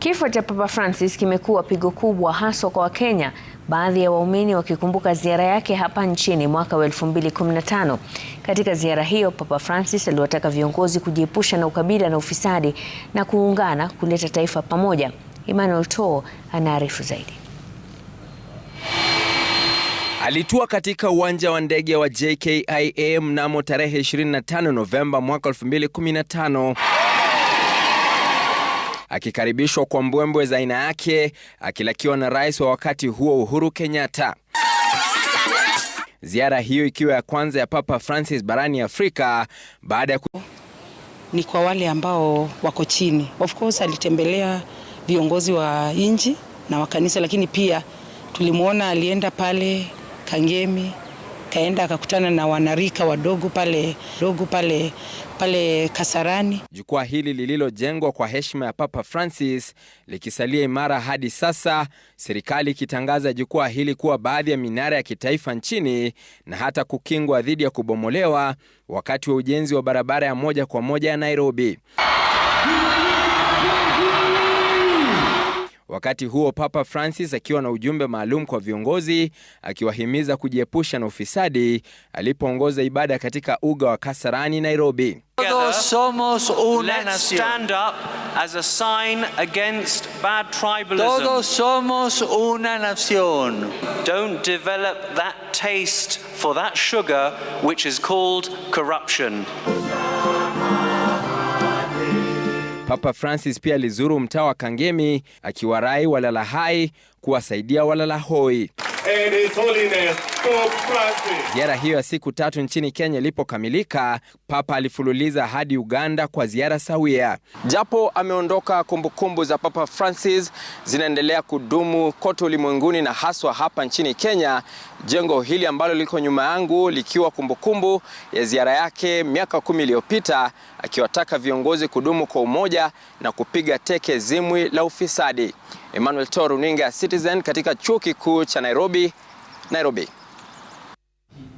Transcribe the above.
Kifo cha Papa Francis kimekuwa pigo kubwa haswa kwa Wakenya, baadhi ya waumini wakikumbuka ziara yake hapa nchini mwaka wa 2015. Katika ziara hiyo, Papa Francis aliwataka viongozi kujiepusha na ukabila na ufisadi na kuungana kuleta taifa pamoja. Emmanuel to anaarifu zaidi. Alitua katika uwanja wa ndege wa JKIA mnamo tarehe 25 Novemba mwaka 2015 akikaribishwa kwa mbwembwe za aina yake, akilakiwa na rais wa wakati huo Uhuru Kenyatta. Ziara hiyo ikiwa ya kwanza ya Papa Francis barani Afrika baada ya ku... ni kwa wale ambao wako chini. Of course alitembelea viongozi wa nchi na wa kanisa, lakini pia tulimwona alienda pale Kangemi akaenda akakutana na wanarika wadogo pale dogo pale pale Kasarani. Jukwaa hili lililojengwa kwa heshima ya Papa Francis likisalia imara hadi sasa, serikali ikitangaza jukwaa hili kuwa baadhi ya minara ya kitaifa nchini na hata kukingwa dhidi ya kubomolewa wakati wa ujenzi wa barabara ya moja kwa moja ya Nairobi. Wakati huo Papa Francis akiwa na ujumbe maalum kwa viongozi akiwahimiza kujiepusha na ufisadi alipoongoza ibada katika uga wa Kasarani, Nairobi. Somos una nación. Todos somos una nación. Don't develop that taste for that sugar which is called corruption. Papa Francis pia alizuru mtaa wa Kangemi akiwarai walala hai kuwasaidia walala hoi. Ziara hiyo ya siku tatu nchini Kenya ilipokamilika, Papa alifululiza hadi Uganda kwa ziara sawia. Japo ameondoka, kumbukumbu za Papa Francis zinaendelea kudumu kote ulimwenguni na haswa hapa nchini Kenya jengo hili ambalo liko nyuma yangu likiwa kumbukumbu kumbu ya ziara yake miaka kumi iliyopita akiwataka viongozi kudumu kwa umoja na kupiga teke zimwi la ufisadi. Emmanuel Toro, runinga Citizen, katika chuo kikuu cha Nairobi, Nairobi.